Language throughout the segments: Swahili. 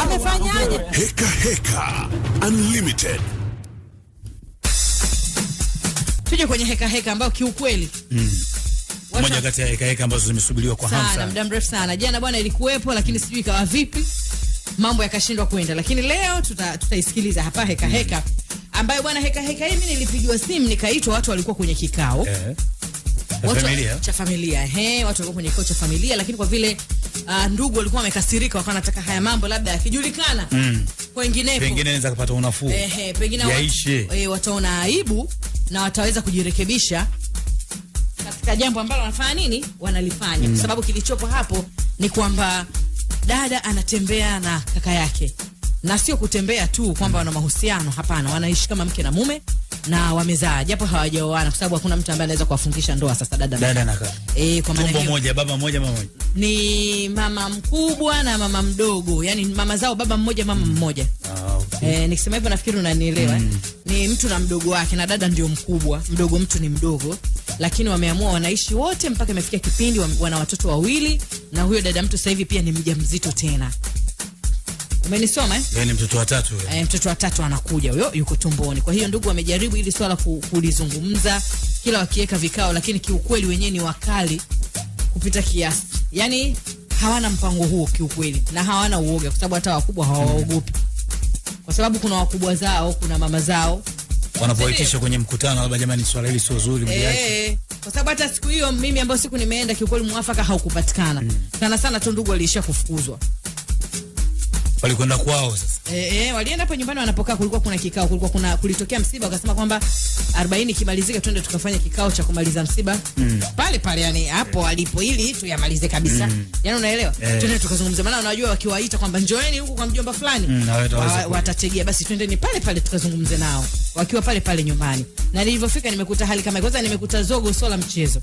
Amefanyaje? Heka Heka Unlimited. Tuje kwenye Heka Heka ambayo kiukweli mm moja kati ya heka heka ambazo zimesubiriwa kwa hamu sana muda mrefu sana. Jana bwana ilikuwepo, lakini sijui ikawa vipi, mambo yakashindwa kwenda, lakini leo tuta, tutaisikiliza hapa heka mm. heka ambayo bwana heka heka hii, mimi nilipigiwa simu nikaitwa, watu walikuwa kwenye kikao eh watu, familia. cha familia he, watu walikuwa kwenye kikao cha familia, lakini kwa vile uh, ndugu walikuwa wamekasirika, wakawa wanataka haya mambo labda yakijulikana mm. kwenginepo pengine inaweza kupata unafuu eh, pengine yaishe eh, wataona aibu na wataweza kujirekebisha katika jambo ambalo wanafanya nini, wanalifanya mm. kwa sababu kilichopo hapo ni kwamba dada anatembea na kaka yake, na sio kutembea tu kwamba wana mahusiano. Hapana, wanaishi kama mke na mume na wamezaa japo hawajaoana, kwa sababu hakuna mtu ambaye anaweza kuwafungisha ndoa. Sasa dada dada na kaka eh, kwa maana moja, baba moja mama moja ni mama mkubwa na mama mdogo, yani mama zao baba mmoja, mama mm. mmoja. Ah, okay. Eh, nikisema hivyo nafikiri unanielewa. Eh? Mm. Ni mtu na mdogo wake, na dada ndio mkubwa, mdogo mtu ni mdogo, lakini wameamua wanaishi wote mpaka imefikia kipindi wana watoto wawili, na huyo dada mtu sasa hivi pia ni mjamzito tena. Umenisoma eh? ni yaani mtoto wa tatu yeye. Eh, mtoto wa tatu anakuja huyo yuko tumboni. Kwa hiyo ndugu wamejaribu ili swala kulizungumza kila wakiweka vikao, lakini kiukweli wenyewe ni wakali kupita kiasi. Yaani hawana mpango huo kiukweli na hawana uoga kwa sababu hata wakubwa hawaogopi. Kwa sababu kuna wakubwa zao, kuna mama zao wanapoitisha kwenye mkutano, labda jamani, swala hili sio zuri mliache eh, kwa sababu hata siku hiyo mimi ambayo siku nimeenda kiukweli, mwafaka haukupatikana. Mm. Sana sana tu ndugu aliisha kufukuzwa walikwenda kwao sasa. Eh, eh, walienda hapo nyumbani wanapokaa, kulikuwa kuna kikao, kulikuwa kuna kulitokea msiba, wakasema kwamba 40 kimalizike, twende tukafanya kikao cha kumaliza msiba mm. pale pale, yani hapo alipo, ili tu yamalize kabisa mm. yani unaelewa eh. Twende tukazungumza, maana unajua wakiwaita kwamba njoeni huko kwa mjomba fulani mm, wa, watategea, basi twende ni pale pale tukazungumze nao wakiwa pale pale nyumbani, na nilivyofika nimekuta hali kama hiyo. Kwanza nimekuta zogo sio la mchezo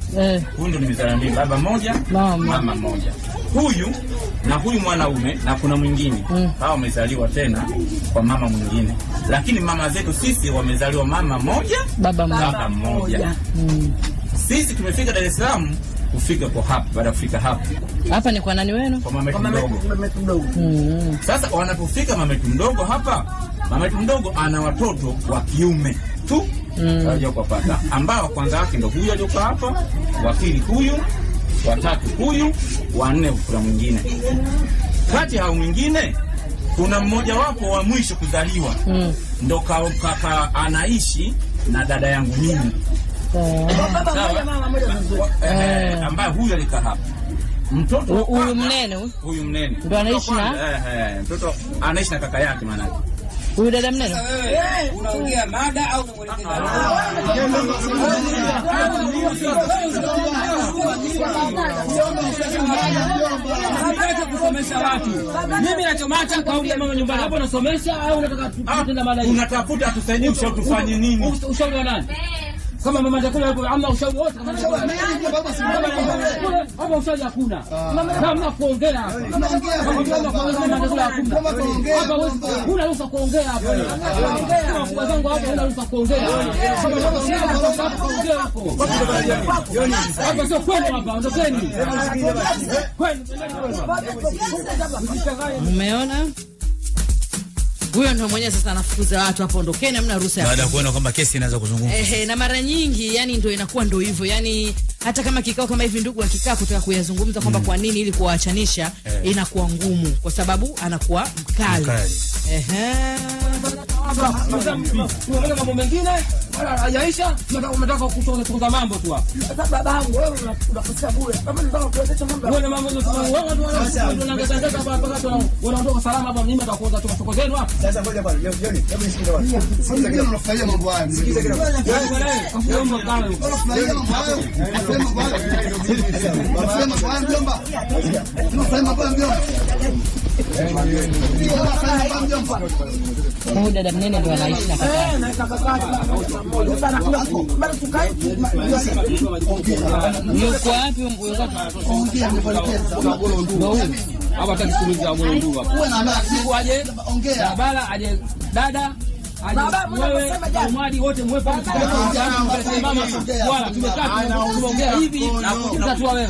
Eh. huyu ni nimezaliwa naye, baba moja mama moja, huyu na huyu mwanaume na kuna mwingine mm. wamezaliwa tena kwa mama mwingine, lakini mama zetu sisi wamezaliwa mama moja baba, baba moja mm. Sisi tumefika Dar es Salaam kufika kwa hapa, baada ya kufika hapa hapa ni kwa nani wenu? Kwa mama yetu mdogo mm. Sasa wanapofika mama yetu mdogo hapa, mama yetu mdogo ana watoto wa kiume tu mm. kuwapata ambao kwanza wake ndo huyu aliyokuwa hapa, wa pili huyu, watatu huyu, wanne kuna mwingine. Kati hao mwingine kuna mmoja wapo wa mwisho kuzaliwa mm. ndo kaka anaishi na dada yangu mimi mm. eh, mm. ambaye huyu alikaa hapa mtoto huyu mnene, huyu mnene ndo anaishi na eh, eh, anaishi na kaka yake maanake Huyu dada mnene unaongea mada au kusomesha watu? Mimi nachomata kauli mama nyumbani hapo, unasomesha au unataka tutende mada? Unatafuta tusaidie, ushauri tufanye nini? Ushauri wa nani? kama mama chakula yako hamna ushauri wote, kama ushauri hakuna, hamna kuongea hapa, huna ruhusa kuongea hapa. Wakubwa zangu hapa, huna ruhusa kuongea hapa, sio kwenu hapa, ondokeni. Mmeona. Huyo ndio mwenyewe sasa anafukuza watu hapo, ondokeni, hamna ruhusa. Baada ya kuona kwamba kesi inaanza kuzungumzwa. Ehe, na mara nyingi yani ndio inakuwa ndio hivyo. Yani hata kama kikao kama hivi ndugu akikaa kutaka kuyazungumza kwamba mm. kwa nini ili kuwaachanisha eh, inakuwa ngumu kwa sababu anakuwa mkali. Mkali. Ehe hapa mzambi, unaenda mambo mengine wala hajaisha, unataka kutoza mambo tu hapa. Sasa babangu, wewe unakosea bure, kama unataka kuendesha mambo wewe na mambo wewe, wanaondoka salama hapa mlima, tutakuoza choko zenu hapa. Sasa ngoja bwana, jioni, hebu nisikie wapi, sasa kile unafurahia mambo haya, nisikize kile mambo haya, unafurahia mambo haya, unafurahia mambo haya, mjomba, unafurahia mambo mjomba. Huyu dada mnene ndo anaishi na yuko wapi? Barabara aje dada wote tumekaa tumeongea hivi na kuuliza tu wewe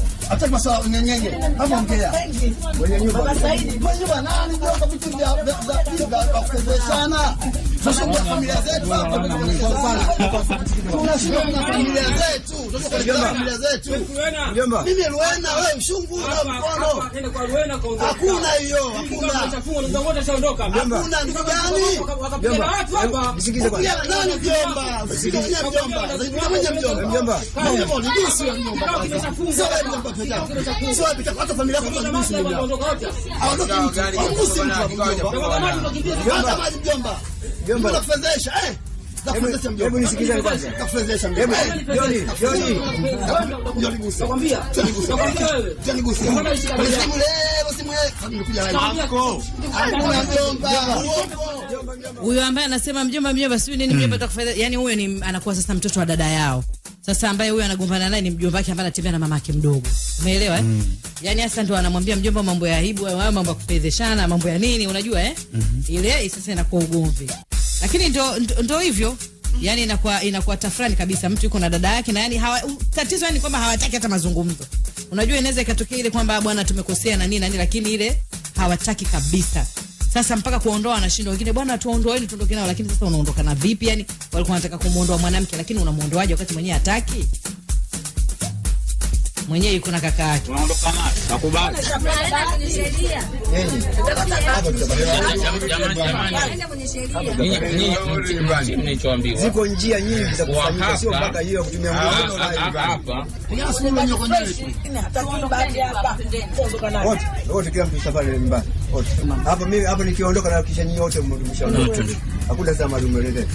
Acha masaa unyenyenye. Hapo ongea. Wenye nyumba. Baba Saidi, kwa nyumba nani ndio vitu vya vya vya kuwezeshana. Sasa kuna familia zetu hapa tunashinda, kuna familia zetu tunashinda, familia zetu. Mimi Rwena, wewe mshungu na mkono, hakuna hiyo, hakuna hakuna. Ndugu gani msikize nani? Mjomba msikize, mjomba zaidi mwenye mjomba, mjomba ndio sio mjomba, sio mjomba pekee yako, sio hata familia yako ndio mjomba, aondoke mtu, mjomba hata mjomba nakufedhesha eh huyo ambaye anasema mjomba mjomba, sijui nini mjomba, hmm. takufanya yani, huyo ni anakuwa sasa mtoto wa dada yao sasa ambaye huyo anagombana naye ni mjomba wake ambaye anatembea na mama yake mdogo, umeelewa eh? Mm. Yani hasa ndo anamwambia mjomba mambo ya aibu, mambo ya kupedheshana, mambo ya nini, unajua eh? Mm -hmm. Ile sasa inakuwa ugomvi lakini ndo, ndo, ndo hivyo yani inakuwa inakuwa tafrani kabisa, mtu yuko na dada yake na yani hawa, tatizo yani kwamba hawataki hata mazungumzo. Unajua, inaweza ikatokea ile kwamba bwana, tumekosea na nini na nini, lakini ile hawataki kabisa. Sasa mpaka kuondoa anashindwa, wengine bwana, ni tuondoke nao, lakini sasa unaondoka na vipi? Yani walikuwa wanataka kumuondoa mwanamke, lakini unamuondoaje wakati mwenyewe hataki? mwenyewe yuko na kaka yake. Unaondoka naye. Nakubali. Ziko njia nyingi za kufanyika, sio mpaka hiyo kutumia nguvu Wote kila mtu safari mbali. Wote. Hapa mimi hapa nikiondoka na kisha nyinyi wote mmeshaondoka. Hakuna sasa malumelele.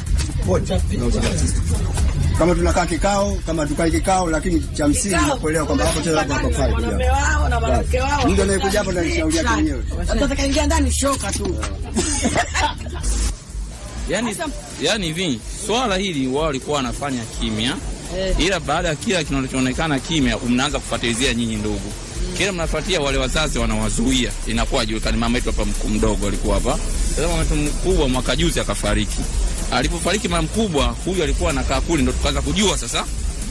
Wote kama tunakaa kikao, kama tukae kikao, lakini cha msingi ni kuelewa kwamba hapo tena kwa kafara kuja. Mume wao na mwanamke wao. Ndio anayekuja hapo ndani shauri yake mwenyewe. Ataka kaingia ndani shoka tu. Yani, yani hivi swala hili wao walikuwa wanafanya kimya. Eh. Ila baada ya kila kinachoonekana kimya, mnaanza kufuatilizia nyinyi ndugu. Hmm. Kile mnafuatia wale wazazi wanawazuia. Inakuwa julikani mama yetu hapa mkuu mdogo alikuwa hapa. Sasa mama yetu mkubwa mwaka juzi akafariki. Alipofariki mama mkubwa huyu alikuwa anakaa kule, ndo tukaanza kujua sasa.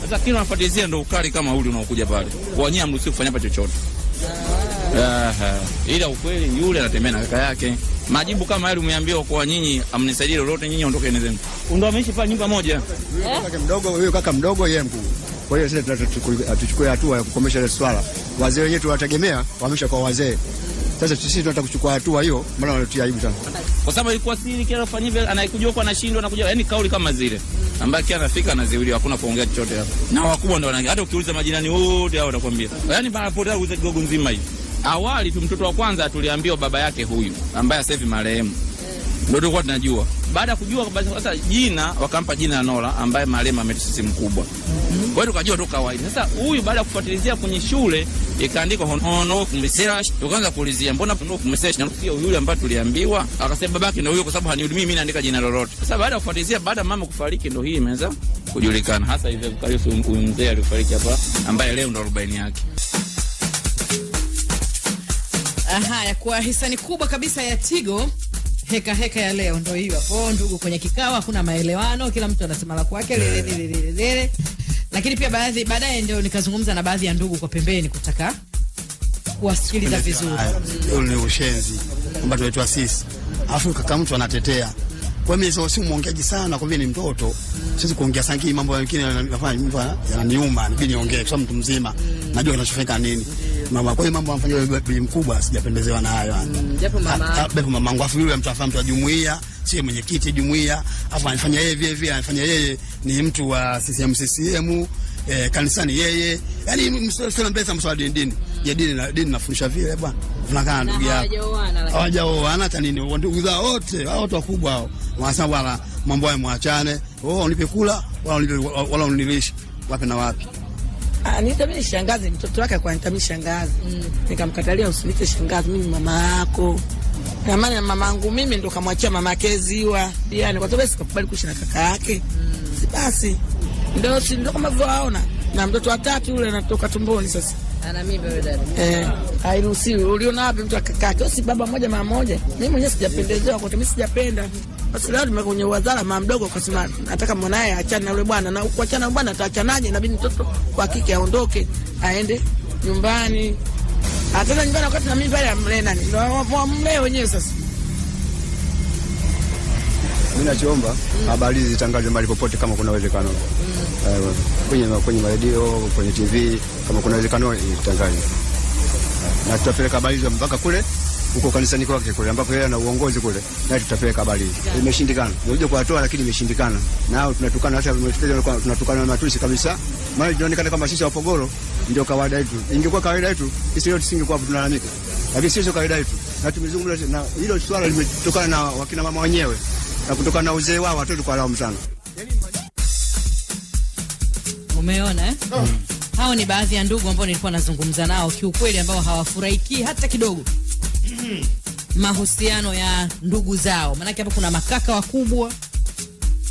Sasa kile nafatizia ndo ukali kama ule unaokuja pale, wanyie amruhusi kufanya hapa chochote. ila ukweli yule anatembea na kaka yake. Majibu kama yale umeambiwa kwa nyinyi, amnisaidie lolote nyinyi, ondokeni zenu. Ndo ameishi pale nyumba moja, kaka mdogo huyo, kaka mdogo yeye mkubwa kwa hiyo sisi hatuchukue hatua ya kukomesha ile swala. Wazee wenyewe tunawategemea, wamesha kwa wazee. Sasa sisi tunataka kuchukua hatua hiyo, maana wanatia aibu sana, kwa sababu ilikuwa siri, kila afanye vile, anayekuja huko anashindwa, kujua, yani kauli kama zile ambaye kia anafika anaziuliwa, hakuna kuongea chochote hapo, na wakubwa ndio wanaongea. Hata ukiuliza majirani wote hao watakwambia, yani baada barapotea gogo nzima hivi. Awali tu mtoto wa kwanza tuliambiwa baba yake huyu ambaye sasa hivi marehemu ndio tulikuwa tunajua. Baada ya kujua kwamba sasa jina, wakampa jina Nola ambaye Malema ametisisi mkubwa. Mm -hmm. Kwa hiyo tukajua tu kawaida. Sasa huyu baada ya kufuatilizia kwenye shule ikaandikwa hono kumresearch, tukaanza kuulizia mbona hono kumresearch na pia yule ambaye tuliambiwa, akasema babake ndio huyo kwa sababu hanihudumii mimi, naandika jina lolote. Sasa baada ya kufuatilizia, baada ya mama kufariki, ndio hii imeanza kujulikana hasa hivi karibu huyu mzee alifariki hapa ambaye leo ndo 40 yake. Aha, ya kwa hisani kubwa kabisa ya Tigo heka heka ya leo ndo hiyo hapo, ndugu, kwenye kikao hakuna maelewano, kila mtu anasema la kwake lele lele eh. lele lele. Lakini pia baadhi baadaye ndio nikazungumza na baadhi ya ndugu kwa pembeni kutaka kuwasikiliza vizuri. Ni ushenzi kwamba tunaitwa sisi, afu kaka mtu anatetea kwa mimi sio muongeaji sana, kwa vile ni mtoto siwezi kuongea sangi mambo mengine yanafanya yananiuma, nibidi niongee kwa mtu mzima najua kinachofanyika nini mama. Kwa mambo mambo anafanya bibi mkubwa, sijapendezewa na hayo mm, japo mama japo mamangu, afu yule mtu afahamu, mtu wa jumuiya, sio mwenyekiti jumuiya, afa anafanya yeye vile vile, anafanya yeye ni mtu wa CCM CCM eh, kanisani yeye, yani msala mbele msala dini dini ya mm. dini na dini nafundisha vile bwana, tunakaa ndugu yako, hawajaoana hata nini, ndugu zao wote hao watu wakubwa hao wanasema bwana, mambo haya mwachane, Wao oh, unipe kula wala unipe wala unilishe wapi na wapi Anita ah, mimi shangazi, mtoto wake kwa anita mimi shangazi. Mm. Nikamkatalia usiniite shangazi, mimi mama yako. Na maana angu mimi ndo kamwachia mama yake ziwa. Yaani kwa sababu sikubali kuishi na kaka yake. Mm. basi. ndo si kama vile waona. Na mtoto wa tatu yule anatoka tumboni sasa. Ah, eh, hairuhusiwi. Uliona wapi mtu akakaa kiosi baba moja mama moja? Mimi mwenyewe sijapendezewa kwa mimi sijapenda. Basi leo nime kwenye wazara mama mdogo kwa sababu nataka mwanae aachane na yule bwana na kuachana bwana ataachanaje? Inabidi mtoto kwa kike aondoke aende nyumbani. Ataenda nyumbani wakati na mimi pale amle nani? Ndio wamlee wenyewe sasa. Mimi nachoomba habari mm. zitangazwe mahali popote kama kuna uwezekano mm. kwenye kwenye radio, kwenye TV kama kuna uwezekano itangazwe, na tutapeleka habari hizo mpaka kule huko kanisani kwake kule ambapo yeye ana uongozi kule, naye tutapeleka habari hizi. Imeshindikana ndio kwa toa, lakini imeshindikana. Nao tunatukana hata tunatukana na matusi kabisa, maana inaonekana kama sisi wapogoro ndio kawaida yetu. Ingekuwa kawaida yetu sisi leo tusingekuwa tunalalamika, lakini sio kawaida yetu, na tumezungumza na hilo swala limetokana na wakina mama wenyewe na kutokana na uzee wao watoto lao sana. Umeona eh? Mm. Hao ni baadhi ya ndugu ambao nilikuwa nazungumza nao kiukweli, ambao hawafurahiki hata kidogo hmm. mahusiano ya ndugu zao, maanake hapa kuna makaka wakubwa,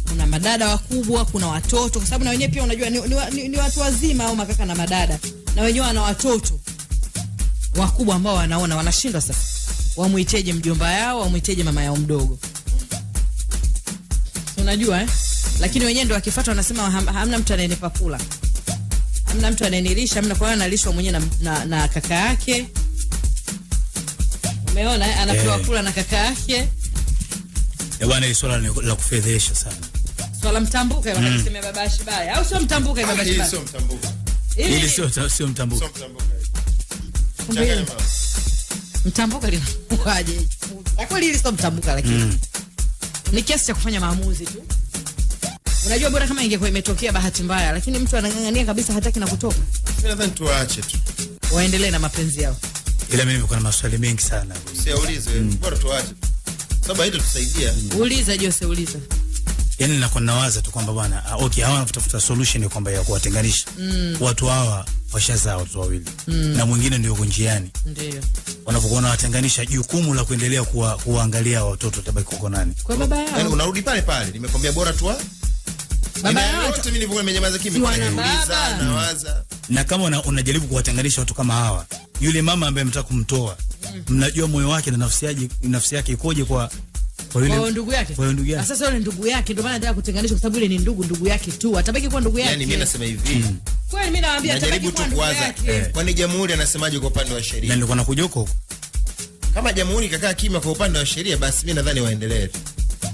kuna madada wakubwa, kuna watoto, kwa sababu na wenyewe pia unajua ni, ni, ni, ni watu wazima au makaka na madada, na wenyewe wana watoto wakubwa ambao wanaona wanashindwa sasa, wamwiteje mjomba yao, wamwiteje mama yao mdogo tunajua eh? Lakini wenyewe ndo wakifuata wanasema hamna mtu anayenipa kula, hamna mtu anayenilisha, hamna. Kwa analishwa mwenyewe na, na, na kaka yake, umeona, eh? anapewa yeah. kula na kaka yake. Eh bwana, hii swala la kufedhesha sana, swala mtambuka mm. wanasema baba shibaya, au sio mtambuka? Baba shibaya sio mtambuka, hili sio sio mtambuka, sio mtambuka, lina kwaje Kwa kweli hili sio mtambuka lakini mm ni kiasi cha kufanya maamuzi tu. Unajua, bora kama ingekuwa imetokea bahati mbaya, lakini mtu anang'ang'ania kabisa, hataki na kutoka. Nadhani tuwaache tu waendelee na mapenzi yao, ila mimi niko na maswali mengi sana. Usiulize, mm. bora tuwaache sababu haitatusaidia. Uliza Jose, uliza. Yani nakuwa nawaza tu kwamba bwana, ah, okay, hawa wanatafuta solution kwamba ya kuwatenganisha mm. watu hawa washazaa watoto wawili mm. na mwingine ndio yuko njiani, ndio wanapokuona watenganisha jukumu la kuendelea kuwa, kuangalia watoto tabaki kuko nani? Kwa baba yao. Yani unarudi pale pale, nimekwambia bora tu baba yao. Yote mimi nilikuwa nimenyamaza kimya, nauliza baba na waza na kama una, unajaribu kuwatenganisha watu kama hawa, yule mama ambaye mtaka kumtoa mm. mnajua moyo wake na nafsi yake nafsi yake ikoje kwa kwa ndugu yake. Kwa ndugu yake. Sasa yule ndugu yake ndio maana anataka kutenganisha kwa sababu yule ni ndugu ndugu yake tu. Atabaki kuwa ndugu yaani yake. Yaani mimi nasema hivi. Mm. Kweli mimi naambia tajaribu tu kuwaza eh, kwani jamhuri anasemaje kwa upande wa sheria? Na nilikuwa nakuja huko kama jamhuri kakaa kimya kwa upande wa sheria, basi mimi nadhani waendelee tu,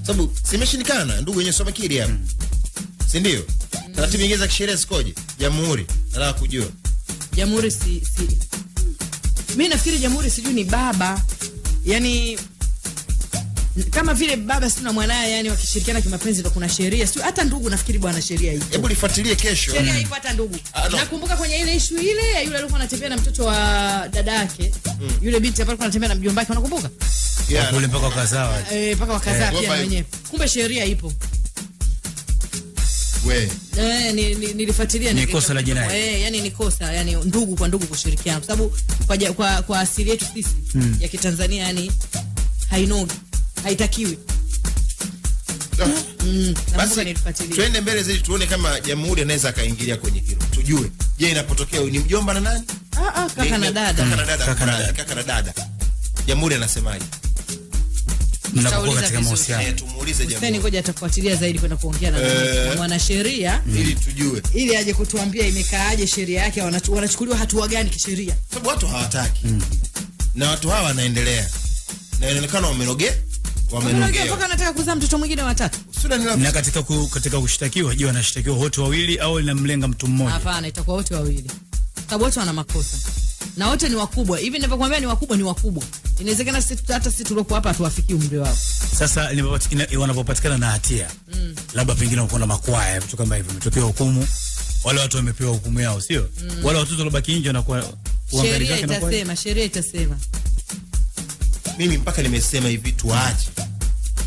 sababu simeshindikana. Ndugu wenyewe soma kiri hapa, si ndio? Taratibu nyingine za kisheria zikoje? Jamhuri nataka kujua. Jamhuri si, si. Mimi nafikiri jamhuri sijui ni baba, Yaani kama vile baba si na mwanae, yani wakishirikiana kimapenzi ndo kuna sheria, sio hata ndugu. Nafikiri bwana, sheria hiyo hebu lifuatilie kesho. Sheria ipo hata ndugu. Ah, Nakumbuka kwenye ile issue ile ya yule alikuwa anatembea na mtoto wa dada yake mm. yule binti hapo alikuwa anatembea na mjomba wake, unakumbuka? Yeah, kule mpaka wakazaa, eh, mpaka wakazaa eh. pia wenyewe. Kumbe sheria ipo. We. Eh, nilifuatilia ni, nilifuatilia ni kosa la jinai. Eh, yani ni kosa, yani ndugu kwa ndugu kushirikiana kwa sababu kwa, kwa, kwa asili yetu sisi mm. ya Kitanzania yani hainogi haitakiwi. Mm, mbele zaidi tuone kama jamhuri anaweza akaingilia kwenye hilo, tujue je, inapotokea ni mjomba na nani? Ah, ah, kaka na dada, kaka na dada, jamhuri anasemaje? Mnapokuwa eh, ngoja atafuatilia zaidi kwenda kuongea na e, mwanasheria ili tujue, ili aje kutuambia imekaaje sheria yake, wanachukuliwa hatua gani kisheria, sababu watu hawataki mm, na watu hawa wanaendelea na inaonekana wamerogea wamenunuliwa. kuzaa mtoto mwingine Na katika ku, katika kushtakiwa, je, wanashtakiwa wote wawili au inamlenga mtu mmoja? Hapana, itakuwa wote wawili, sababu wote wana makosa na wote ni wakubwa. Hivi ni wakubwa, ni wakubwa. Inawezekana sisi hata sisi hapa hatuwafikii umri wao. Sasa wanapopatikana na hatia mm, labda pengine wako na makwaya, vitu kama hivyo, hukumu, wale watu wamepewa hukumu yao, sio mm, wale watoto nje wanakuwa sheria itasema, sheria itasema. Mimi mpaka nimesema hivi tuache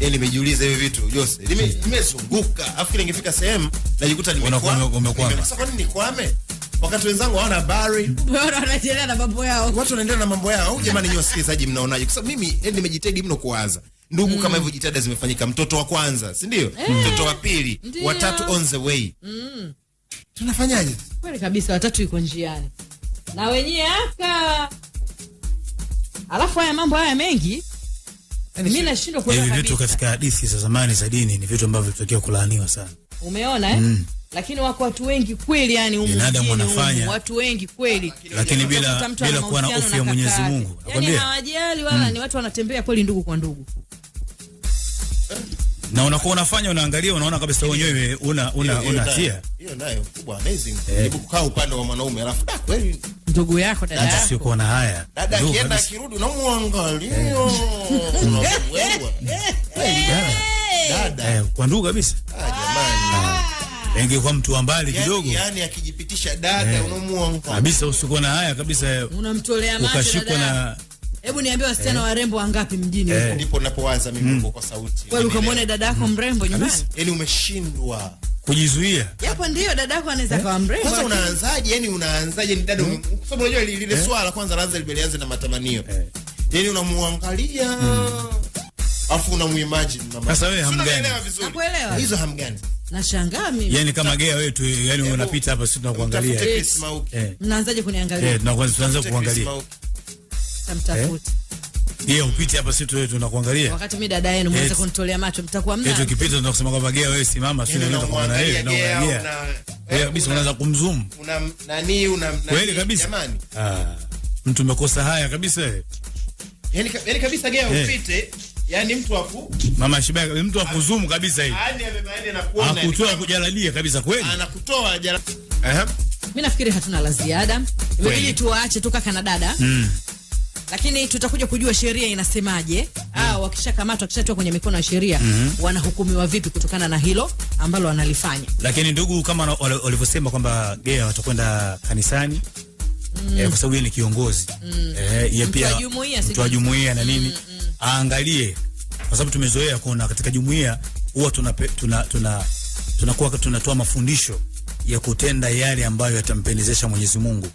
yani nimejiuliza hivi vitu Jose, nimezunguka afu kile ningefika sehemu najikuta nimekwama. Sasa kwa nini nikwame? Wakati wenzangu hawana habari, bora wanaendelea na mambo yao, watu wanaendelea na mambo yao. Jamani nyinyi wasikilizaji, mnaonaje? Kwa sababu mimi yaani nimejitegi mno kuwaza ndugu mm. Kama hivyo jitihada zimefanyika, mtoto wa kwanza, si ndio? mm. Mtoto wa pili, wa tatu on the way mm. Tunafanyaje? Kweli kabisa, watatu iko njiani na wenyewe aka, alafu haya mambo haya mengi Yaani mimi yaani nashindwa kuelewa kabisa. Vitu katika hadithi za zamani za dini ni vitu ambavyo vilitokea kulaaniwa sana. Umeona eh? Mm. Lakini wako watu wengi kweli yani umu Binadamu yaani wanafanya. Watu wengi kweli. Lakini bila bila kuwa na hofu ya Mwenyezi Mungu. Nakwambia. yani Hawajali wala mm. ni watu wanatembea kweli ndugu kwa ndugu. Na unakuwa unafanya unaangalia unaona kabisa wewe wenyewe una una una Hiyo nayo kubwa amazing. Ni eh. kukaa upande wa mwanaume alafu ah, kweli ndugu yako dada yako, sio kuona haya. Dada akienda akirudi, unamuangalia dada eh, kwa ndugu kabisa. Ah, jamani ah. kwa mtu wa mbali yaani, kidogo, yani akijipitisha dada, eh. unamuangalia kabisa, usikuwa na haya kabisa, eh. unamtolea macho ukashikwa na Hebu niambie wasichana eh, warembo wangapi mjini huko? Eh, ndipo napowaza mimi huko mm, kwa sauti. Wewe ukamwona dadako mm. mrembo nyumbani? Yaani umeshindwa kujizuia japo ndio dadako anaweza eh? kawa mrembo. Kwanza unaanzaje? Yani unaanzaje? Ni dada, hmm? kwa sababu unajua lile eh? swala kwanza lazima libelianze na matamanio. Eh. Yani unamuangalia hmm. afu unamuimagine mama. Sasa wewe hamgani? Nakuelewa hizo hamgani. Nashangaa mimi. Yani kama gea wewe tu, yani unapita hapa sisi tunakuangalia. Mnaanzaje kuniangalia? Eh, tunaanza kuangalia. Tamtafuti yeye upite hapa, sisi tu tunakuangalia. Wakati mimi dada yenu mwanza kunitolea macho, mtakuwa mna yetu kipita, tunakusema kwamba gea wewe simama, sio unaweza yaani kwa maana yeye na unaangalia yeye kabisa, unaanza kumzoom una nani una kweli kabisa. Jamani, ah, mtu umekosa haya kabisa, wewe. Yaani yaani kabisa, gea eh. upite Yaani mtu afu mama Shibaya mtu akuzumu kabisa hivi, Yaani amebaini na kuona. akutoa kujalalia kabisa kweli, anakutoa jalalia. Ehe, mimi nafikiri hatuna la ziada, imebidi tuwaache tu kaka na dada mm lakini tutakuja kujua sheria inasemaje ah, mm. wakishakamatwa wakishatoka kwenye mikono ya sheria mm -hmm. wanahukumiwa vipi kutokana na hilo ambalo wanalifanya. Lakini ndugu, kama walivyosema kwamba Gea watakwenda kanisani mm. eh, kwa sababu yeye ni kiongozi mm. eh, ye pia mtu wa jumuia na mm, nini mm, -hmm. aangalie, kwa sababu tumezoea kuona katika jumuia huwa tunakuwa tuna, tuna, tuna tunatoa mafundisho ya kutenda yale ambayo yatampendezesha Mwenyezi Mungu.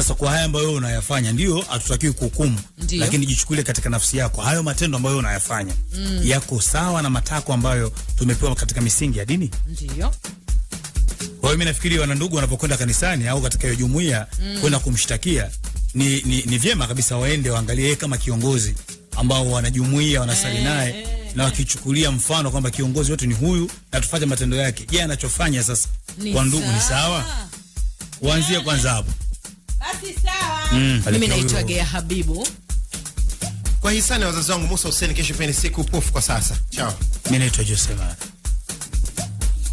Sasa kwa haya ambayo wewe unayafanya, ndio hatutakiwi kuhukumu, lakini jichukulie katika nafsi yako, hayo matendo ambayo unayafanya mm. yako sawa na matako ambayo tumepewa katika misingi ya dini? Ndio. Kwa hiyo mimi nafikiri wana ndugu wanapokwenda kanisani au katika hiyo jumuiya mm. kwenda kumshtakia ni, ni, ni vyema kabisa waende waangalie yeye kama kiongozi ambao wanajumuiya wanasali eh. naye hey, hey, na wakichukulia mfano kwamba kiongozi wetu ni huyu na tufate matendo yake. Je, anachofanya sasa kwa ndugu ni sawa? Waanzie kwanza hapo. Mm. Mimi naitwa Gea Habibu. Kwa hisani wazazi wangu Musa Hussein, kesho pia ni siku pofu kwa sasa. Ciao. Mimi naitwa Joseph.